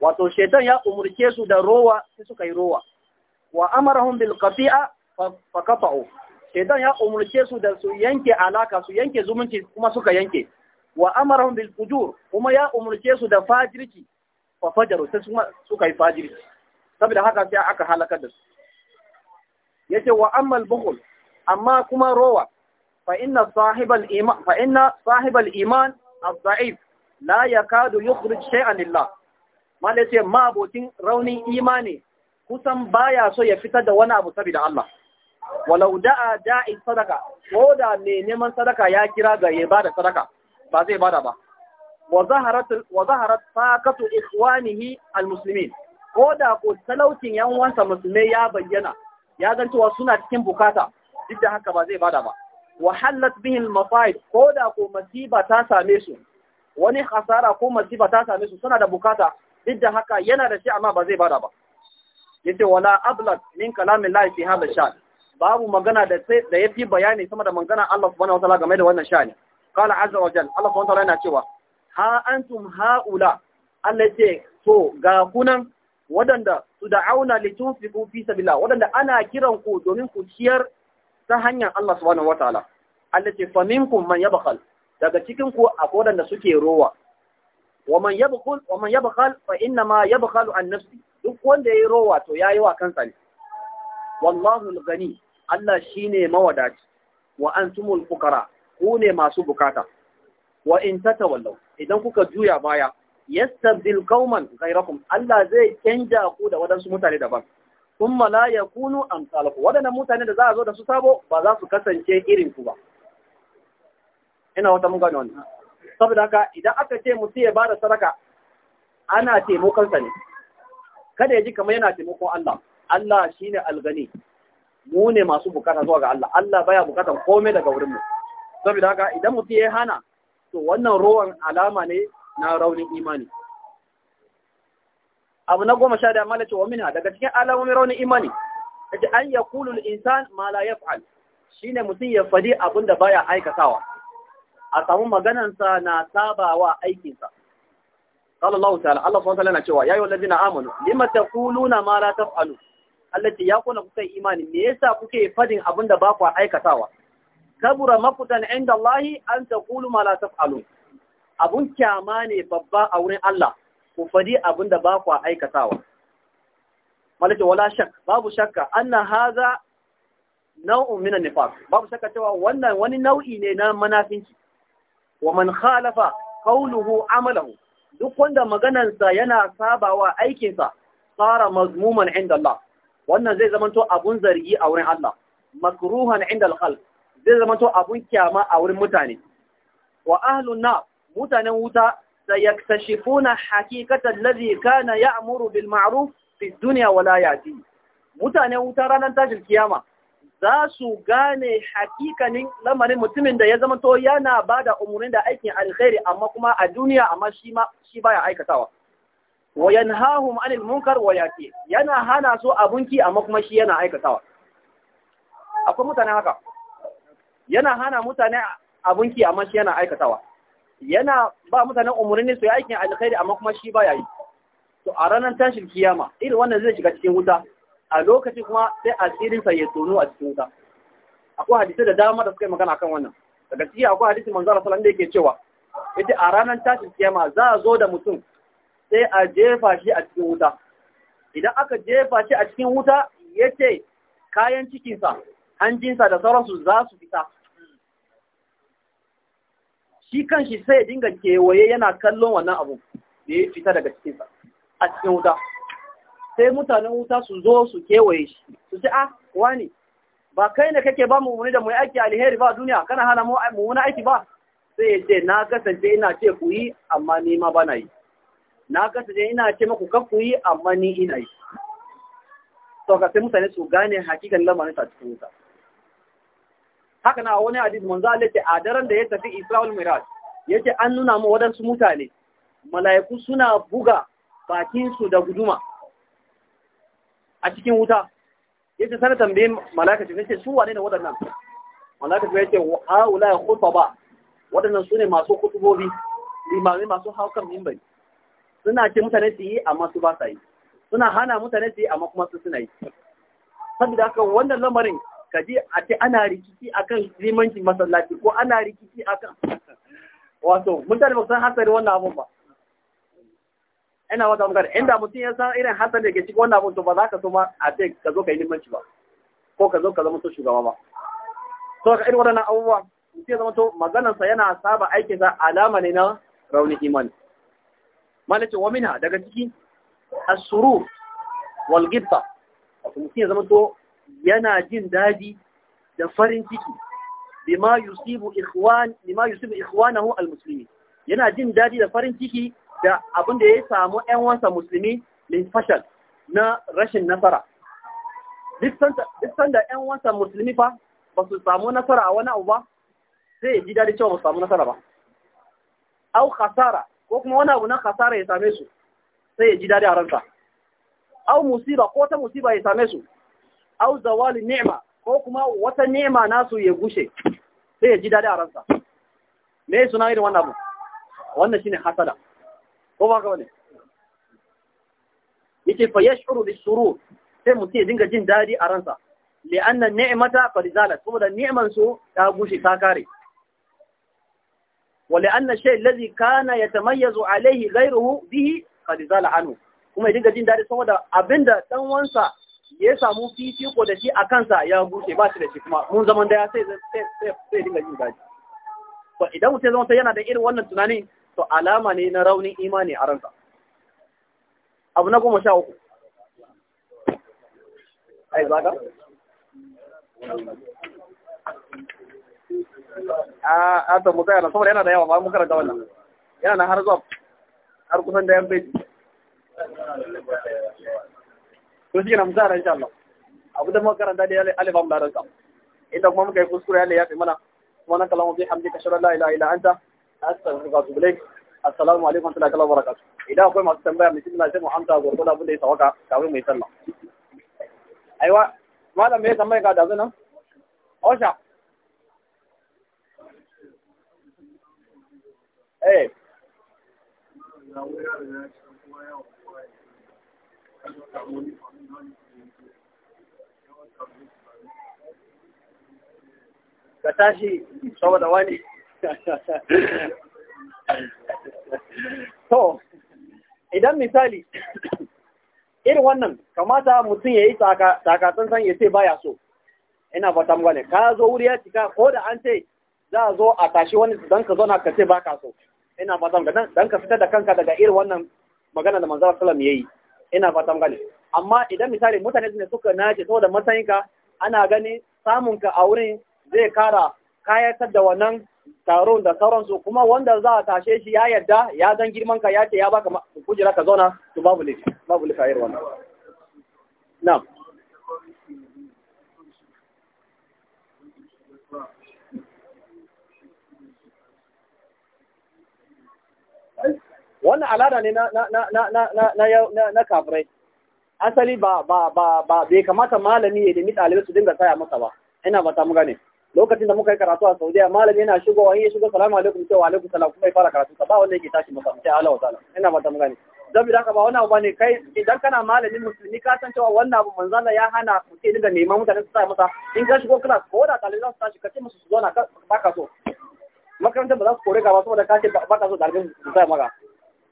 wato shaitan ya umurce su da rowa sai suka yi rowa wa amarahum bil qati'a fa qata'u ya umurce su da su yanke alaka su yanke zumunci kuma suka yanke wa amarahum bil fujur kuma ya umurce su da fajirci fa fajaru sai suka yi fajirci saboda haka sai aka halaka da su yace wa ammal bukhl amma kuma rowa fa inna sahibal iman fa inna sahibal iman ad-da'if la yakadu yukhrij shay'an ma botin raunin imani kusan baya so ya fitar da wani abu sabida Allah walau da'a da'i sadaka ko da ne neman sadaka ya kira ga ya bada sadaka ba zai bada ba wa zaharat wa zaharat ikhwanihi almuslimin ko da ko talaucin yan musulmai ya bayyana ya ga cewa suna cikin bukata duk da haka ba zai bada ba wa halat bihi ko da ko masiba ta same su wani hasara ko masiba ta same su suna da bukata duk da haka yana da shi amma ba zai bada ba yace wala ablaq min kalamin lahi fi hadha shan babu magana da sai da yafi bayani sama da magana Allah subhanahu ta'ala game da wannan sha'ani. qala azza wa jalla Allah subhanahu ta'ala yana cewa ha antum haula Allah yace to ga kunan wadanda su da'auna tunfiqu fi sabilillah wadanda ana kiran ku domin ku ciyar ta hanyar Allah subhanahu ta'ala Allah yace faminkum man yabkhal daga cikin ku akwai wadanda suke rowa waman yabkhul waman yabkhal fa inna ma yabkhalu duk wanda yayi rowa to yayi wa kansa ne wallahu ghani Allah shine mawadaci wa antumul fuqara ku ne masu bukata wa in tatawallaw idan kuka juya baya yastabdil qauman ghayrakum Allah zai canja ku da wadansu mutane daban thumma la yakunu amsalakum wadannan mutane da za a zo da su sabo ba za su kasance irin ku ba ina wata mun gane wannan saboda haka idan aka ce mutum ya bada sadaka ana taimakon sa ne kada ya ji kamar yana taimakon Allah Allah shine algani mu ne masu bukata zuwa ga Allah Allah baya bukatan komai daga wurin mu saboda haka idan mutum ya hana to wannan rowan alama ne na raunin imani abu na goma sha da mala ce wa mina daga cikin alamomin raunin imani yace an yaqulu al-insan ma la yaf'al shine mutum ya fadi abin baya aikatawa a samu maganansa na sabawa aikinsa Allah ta'ala, Allah الله tala na cewa ya yi ayyuhallazina amanu lima mara ta la Allah ce ya kuna kuka imani me yasa kuke fadin abin da ba ku aikatawa kabura mafutan yan dallahi an ta taqulu mara ta taf'alun abun kyama ne babba a wurin Allah ku fadi abin da ba ku aikatawa Malaki wala shak babu shakka anna haza nau'un minan nifas. babu shakka cewa wannan wani nau'i ne na manafinci wa man khalafa qawluhu amalahu duk wanda maganansa yana sabawa aikinsa tsara mazmuman inda Allah wannan zai zamanto abun zargi a wurin Allah makruhan inda al zai zamanto abun kyama a wurin mutane wa ahlun na mutanen wuta sayaktashifuna hakikatan alladhi kana ya'muru bil ma'ruf fi dunya wa la ya'ti mutanen wuta ranar tashin kiyama za su gane hakikanin lamarin mutumin da ya zama to yana ba da umarnin da aikin alkhairi amma kuma a duniya amma shi ba ya baya aikatawa wa hahu anil munkar wa yati yana hana so abunki amma kuma shi yana aikatawa akwai mutane haka yana hana mutane abunki amma shi yana aikatawa yana ba mutane umarni su yi aikin alkhairi amma kuma shi ya yi to a ranar tashin kiyama irin wannan zai shiga cikin wuta a lokaci kuma sai asirinsa ya tono a cikin wuta akwai hadisai da dama da suka yi magana kan wannan daga ciki akwai hadisi manzo Allah sallallahu alaihi yake cewa yace a ranar tashi kiyama za a zo da mutum sai a jefa shi a cikin wuta idan aka jefa shi a cikin wuta yace kayan cikinsa hanjinsa da sauransu za su fita shi kan shi sai ya dinga kewaye yana kallon wannan abu da ya fita daga cikinsa a cikin wuta sai mutanen wuta su zo su kewaye shi su ce ah wani ba kai ne kake ba mu muni da mu aiki alheri ba duniya kana hana mu mu wani aiki ba sai ya ce na kasance ina ce ku yi amma ni ma bana yi na kasance ina ce maku ka ku yi amma ni ina yi to ka sai mutane su gane hakikan lamarin ta cikin wuta haka na wani hadisi manzo Allah ce a daren da ya tafi Isra'il Miraj yace an nuna mu wadansu mutane mala'iku suna buga bakin su da guduma a cikin wuta ya ce sana tambaye malaka ce yace su wane ne waɗannan malaka ce yace haula ba waɗannan sune masu kutubobi limami masu haukan minbari suna ce mutane su yi amma su ba sa yi suna hana mutane su yi amma kuma su suna yi saboda haka wannan lamarin kaji a ce ana rikici akan limancin masallaci ko ana rikici akan wato mutane ba san hasari wannan abun ba ina wata magana inda mutum ya san irin hasan da ke cikin wannan abun to ba za ka so ma a ce ka zo ka yi limanci ba ko ka zo ka zama so shugaba ba to ka irin waɗannan abubuwa mutum ya zama to maganarsa yana saba aikinsa alama ne na raunin imani malice wa mina daga ciki asuru wal wato mutum ya zama to yana jin daji da farin ciki bima yusibu ikhwan bima yusibu ikhwanahu al muslimin yana jin daji da farin ciki da abin da ya samu ‘yan wansa musulmi min fashal na rashin nasara. Duk sanda ‘yan wansa musulmi fa ba su samu nasara a wani abu ba, sai ya ji daɗi cewa ba su samu nasara ba. Au kasara, ko kuma wani abu na kasara ya same su, sai ya ji daɗi a ransa. Au musiba, ko ta musiba ya same su. Au zawali ni'ima, ko kuma wata ni'ima nasu ya gushe, sai ya ji daɗi a ransa. Me suna irin wannan abu? Wannan shine hasada. ko ba ka wani yace fa yash'uru bisurur sai mutum ya dinga jin dadi a ransa li'anna ni'mata qad zalat da ni'man su ta gushi ta kare wa li'anna shay alladhi kana yatamayyazu alayhi ghayruhu bihi qad zala anhu kuma ya dinga jin dadi saboda abinda dan wansa ya samu fifiko da shi a kansa ya gushe ba shi da shi kuma mun zaman da ya sai sai sai dinga jin dadi to idan mutum zama yana da irin wannan tunanin to alama ne na raunin imani a ranka abu na goma sha uku ai zaga? a a ta mu yana. na saboda yana da yawa ba mu karanta wannan yana na har zuwa har kusan da yan beji. to shi na mu tsaya insha Allah abu da mu karanta da alifam da ranka idan kuma muka yi kuskure Allah ya fi mana wannan kalamun bi hamdi ka shirar ilaha illa anta astaghfirullah assalamu alaikum wa rahmatullahi wa barakatuh idan akwai masu tambaya mutum na sai mu amsa gurgurda abin da ya sawaka kafin mai sallah aiwa malam me tambaya ka da nan. osha eh ka tashi saboda wani to idan misali irin wannan kamata mutum ya yi tsakatsantsan ya ce baya so ina fatan mgwane ka zo wuri ya cika ko da an ce za a zo a tashi wani don ka zauna ka ce ba ka so ina fata mgwane don ka fitar da kanka daga irin wannan magana da manzara salam ya yi ina fatan mgwane amma idan misali mutane ne suka nace saboda matsayinka ana gani samunka a wurin zai kara kayatar da wannan taron da sauransu kuma wanda za a tashe shi ya yadda ya zan girman ka ya ce ya baka kujera ka zauna to babu lifi babu lifi ayar wannan na wannan alada ne na na na na na na kafirai asali ba ba ba ba bai kamata malami ya nemi ɗalibai su dinga saya masa ba ina ba ta mu gane lokacin da muka yi karatu a Saudiya malami yana shigo in ya shigo salamu alaikum sai wa alaikum salam kuma ya fara karatu ba wanda yake tashi maka sai Allah wa ta'ala ina ba ta magani saboda haka ba wani abu ne kai idan kana malamin musulmi ka san cewa wannan abu manzo Allah ya hana ku sai daga neman mutane su sa masa in ka shigo class ko da talibai su tashi ka ce musu su zauna ba ka so makarantar ba za su kore ka ba saboda ka ce ba ka so dalibai su sa maka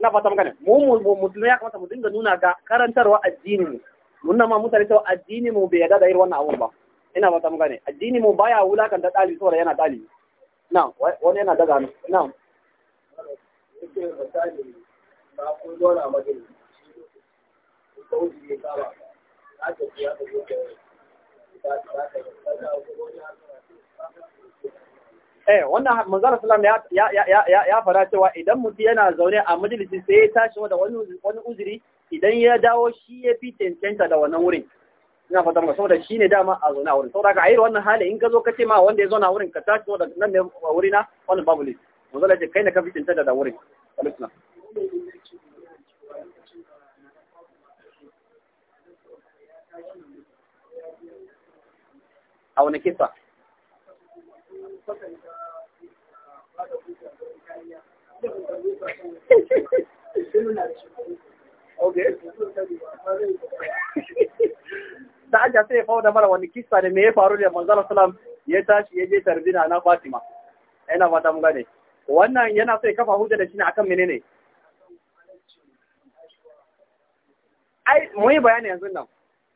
ina ta magani mu musulmi ya kamata mu dinga nuna ga karantarwa addini mu nuna ma mutane cewa addini mu bai yarda da irin wannan abun ba ina mata muka addini mu baya da ɗalibi saboda yana ɗalibi na wani yana daga hannu na Eh, wannan manzara salam ya, ya, ya, ya, fara cewa idan mutum yana zaune a majalisi sai ya tashi da wani, wani uzuri idan ya dawo shi ya fi cancanta da wannan wurin. ina fata ba saboda shine dama a zauna wurin saboda ka ayi wannan hali in ka zo ka ce ma wanda ya zauna wurin ka tashi saboda nan ne wuri na wannan babu ne mun zala ce kai ne ka fi cinta da wurin alisna a wani kifa <laughs> <laughs> Okay. da aja sai ya fauda mara wani kisa da me ya faru da manzala salam ya tashi ya je tarbina na fatima ina fata mun gane wannan yana sai kafa hujja da shi ne akan menene ai mun yi bayani yanzu nan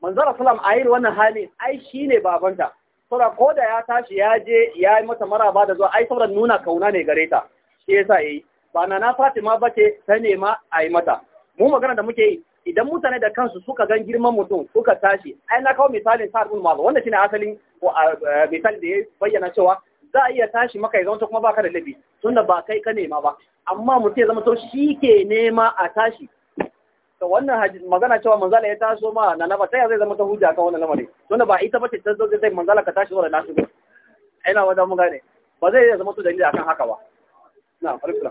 manzala salam a yi wannan hali ai shi ne babanta saboda ko da ya tashi ya je ya yi mata maraba da zuwa ai saboda nuna kauna ne gare ta shi yasa yayi ba na na fatima bace ta nema a yi mata mu magana da muke yi idan mutane da kansu suka gan girman mutum suka tashi ai na kawo misalin sa bin mu'adh wanda shine asalin misali da ya bayyana cewa za a iya tashi maka ya zama kuma baka da laifi tunda ba kai ka nema ba amma mutum ya zama to shi ke nema a tashi to wannan magana cewa manzala ya taso ma na ba. ta zai zama ta hujja kan wannan lamarin tunda ba ita bace ta zo zai manzala ka tashi wala na Ai ina wajen mu gane ba zai zama to dalili akan haka ba na farko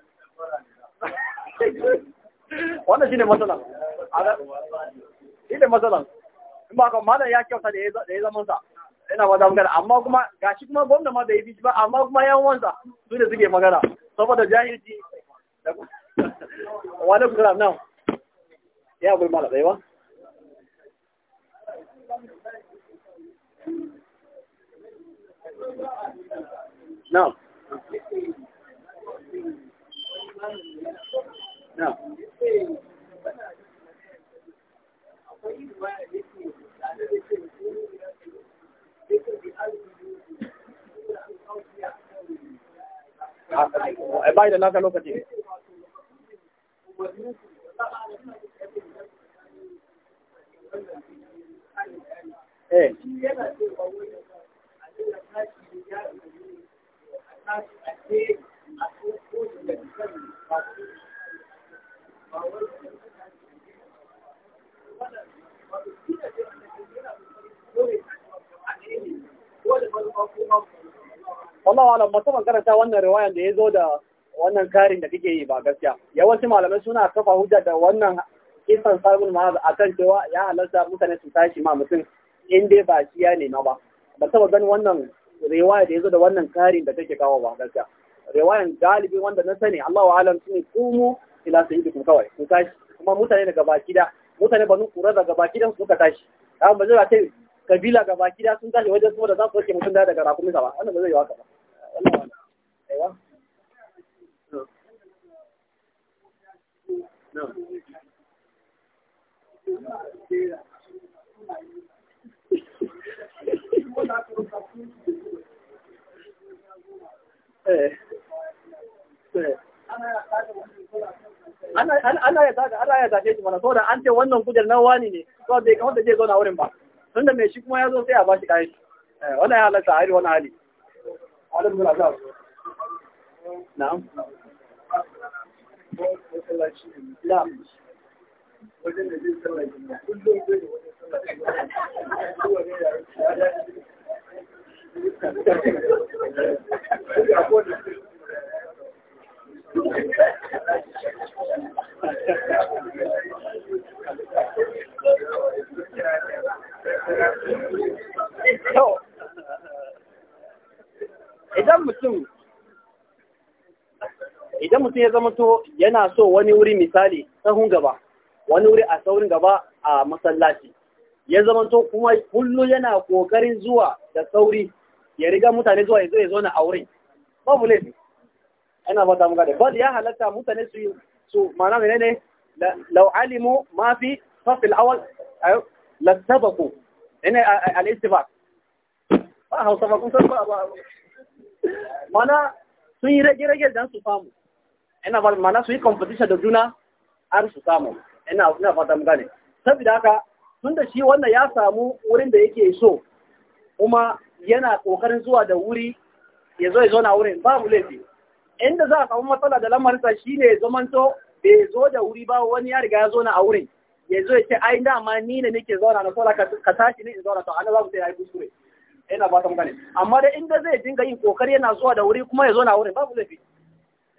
wannan shine matsalan shine matsalan in ba ka malam ya kyauta da ya zamansa, ina yana ma magana amma kuma shi kuma gwamna ma da ya ba amma kuma yan wansa su ne suke magana saboda jahilci da wani kuma nan ya bai mala bai ba Now. na bai da naka lokaci malam ba taɓa karanta wannan riwayan da ya zo da wannan karin da kike yi ba gaskiya yawanci malamai suna kafa hujja da wannan kisan sabon ma'az kan cewa ya halarta mutane su tashi ma mutum in dai ba shi ya nema ba ba taɓa gani wannan riwaya da ya zo da wannan karin da kake kawo ba gaskiya riwayan galibi wanda na sani Allah wa alam sun kumu ila sayyidikum kawai ku tashi kuma mutane daga baki da mutane banu kura daga baki da suka tashi amma ba zai ce kabila gaba da sun tashi wajen su da za su wuce mutum da daga rakumisa ba wannan ba zai yi haka ba ana ya zaga ana ya zaga shi mana saboda an ce wannan kujer na wani ne to bai kamata zai zauna wurin ba tunda mai shi kuma ya zo sai a bashi kayan wannan ya halatta a iri wani hali alaikum salam na'am Idan mutum idan mutum ya zama to yana so wani wuri misali sahun gaba wani wuri a saurin gaba a masallaci ya zama to kuma kullu yana kokarin zuwa da sauri ya riga mutane zuwa ya zo na aure babu laifi ana fata muka da bad ya halatta mutane su su mana ne law alimu ma fi fasl awal lattabaku ina al istifaq ba hausa ba kun san ba mana sun yi rage-rage dan su famu ina ba mana su yi competition da juna har su samu ina ina fata mun gane saboda haka tun da shi wannan ya samu wurin da yake so kuma yana kokarin zuwa da wuri ya zo ya zo na wurin babu laifi inda za a samu matsala da lamarinsa shine ya zamanto bai zo da wuri ba wani ya riga ya zo na a wurin ya zo ya ce ai dama ni ne nake zauna na sola ka tashi ne in zauna to ana za mu sai ai kuskure ina ba ta magana amma da inda zai dinga yin kokari yana zuwa da wuri kuma ya zo na wurin babu laifi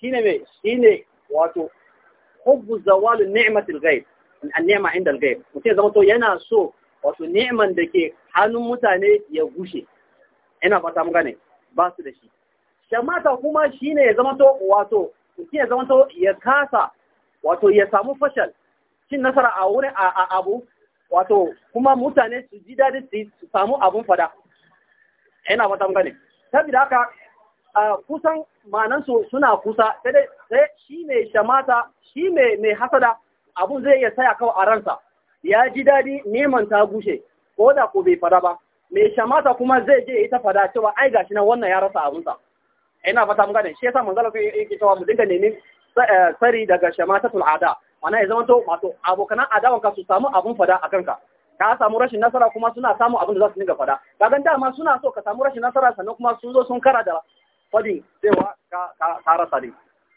shine me shine wato hubbu zawal ni'matil ghaib an ni'ma inda al-ghaib mutum zama to yana so wato ni'man da ke hannun mutane ya gushe ina fata mun gane ba su da shi shamata kuma shine ya zama to wato mutum ya zama to ya kasa wato ya samu fashal cin nasara a wurin a abu wato kuma mutane su ji daɗi su samu abun fada ina fata mun gane saboda haka kusan ma'anansu suna kusa sai dai shi ne shamata shi mai hasada abun zai iya saya kawai a ransa ya ji daɗi neman ta gushe ko da ko bai fada ba mai shamata kuma zai je ita fada cewa ai gashi na wannan ya rasa abunsa ina fata mun gane shi yasa manzala kai yake cewa mu dinga nemi eh, sari daga shamatatul ada ana ya zama to wato abokan adawanka su samu abun fada a kanka ka samu rashin nasara kuma suna samu abin da za su dinga fada kagan dama suna so ka samu rashin nasara sannan kuma sun zo sun kara da fadin cewa ka rasa ne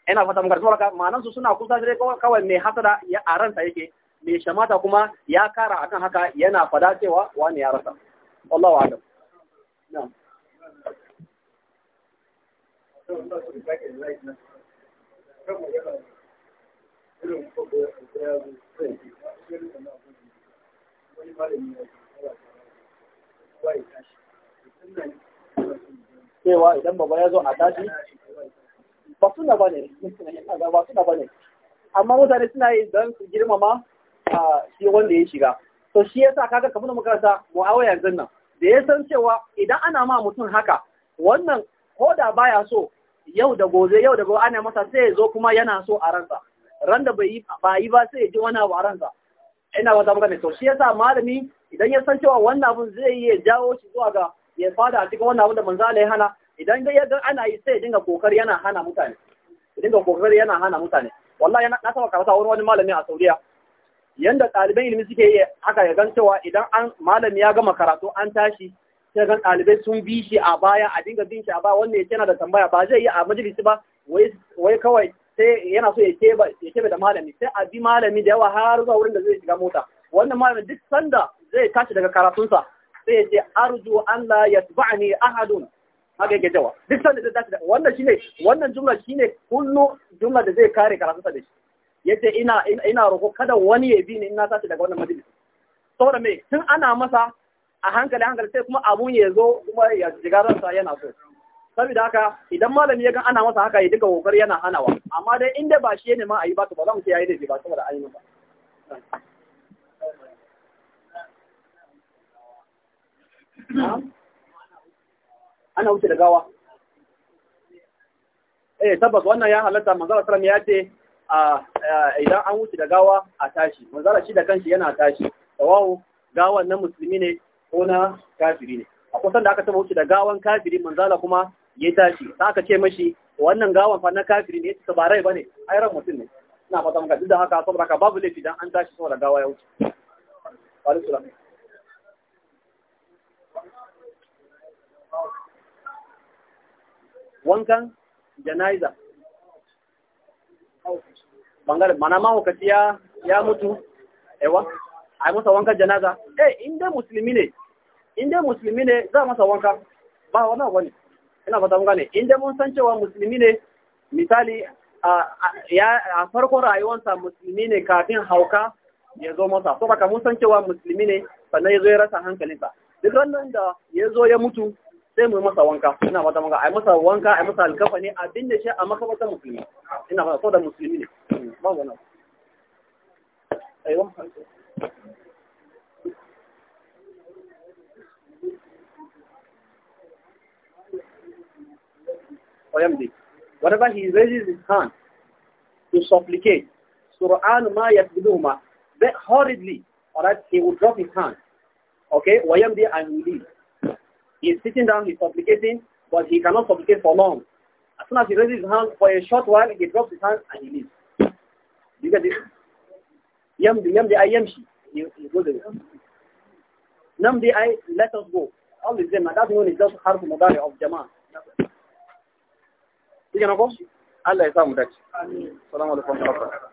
ina fata muka saboda ma'anan su suna kusa sai kawai mai hasada ya aranta yake mai shamata kuma ya kara akan haka yana fada cewa wani ya rasa wallahu alam Thank you. cewa idan babba ya zo a tashi ba suna ba ne ba suna ba ne amma mutane suna yi don su girmama a shi wanda ya shiga to shi sa kaga kamar da makaranta mu'awiya yanzu nan da ya san cewa idan ana ma mutum haka wannan ko da baya so yau da gobe yau da gobe ana masa sai ya zo kuma yana so a ransa ran da bai ba yi ba sai ya ji wani abu a ransa ina ba za mu gane to shi sa malami idan ya san cewa wannan abun zai iya jawo shi zuwa ga ya fada a cikin wannan abin da manzo Allah ya hana idan ya ga ana yi sai ya dinga kokari yana hana mutane dinga kokari yana hana mutane wallahi na saba karatu wurin wani malami a Saudiya yanda ɗaliban ilimi suke yi haka ya gan cewa idan an malami ya gama karatu an tashi sai gan ɗalibai sun bi shi a baya a dinga bin shi a baya wannan yana da tambaya ba zai yi a majalisi ba wai kawai sai yana so ya kebe da malami sai a bi malami da yawa har zuwa wurin da zai shiga mota wannan malami duk sanda zai tashi daga karatunsa sai ce arzu an la yatba'ni ahadun haka yake jawa duk sanda da zaka wannan shine wannan jumla shine kullu jumla da zai kare karatu da shi yace ina ina roko kada wani ya bi ni ina tashi daga wannan majalisa saboda me tun ana masa a hankali hankali sai kuma abun ya zo kuma ya shiga ransa yana so saboda haka idan malami ya ga ana masa haka ya duka kokari yana hanawa amma dai inda ba shi ne ma a yi ba to ba za mu ce yayi da ba saboda ainihin ba ana wuce da gawa eh tabbas wannan ya halatta manzara sallam ya ce idan an wuce da gawa a tashi manzara shi da kanshi yana tashi tawawo gawan na musulmi ne ko na kafiri ne a kusan da aka taba wuce da gawan kafiri manzala kuma ya tashi sai aka ce mashi wannan gawan fa na kafiri ne ta barai bane ai ran mutum ne ina fata maka duk da haka saboda ka babu laifi dan an tashi saboda gawa ya wuce wa alaikum wankan janaiza bangare mana mahaukaci ya ya mutu ewa a masa wankan janaza eh inda musulmi ne inda musulmi ne za masa wanka ba wani wani ina fata mun gane inda mun san cewa musulmi ne misali a farkon rayuwarsa musulmi ne kafin hauka ya zo masa so baka mun san cewa musulmi ne sannan ya zo ya rasa hankalinsa duk ranar da ya zo ya mutu sai mu masa wanka ina mata wanka ai masa wanka ai masa alkafa ne abin da shi a musulmi ina musulmi ne ba Whatever he raises his hand to supplicate, Surah ma yasbiduhuma, that horridly, alright, he will drop his hand. Okay, وَيَمْدِي and he leave. He's sitting down, he's supplicating, but he cannot supplicate for long. As soon as he raises his hand for a short while, he drops his hand and he leaves. You get this? Yamdi, yamdi, I yamshi. He, he goes away. Namdi, I, let us go. All the same. That one is just harf mudari of Jama'ah. You can go? Allah is our mudari. Salaam alaikum.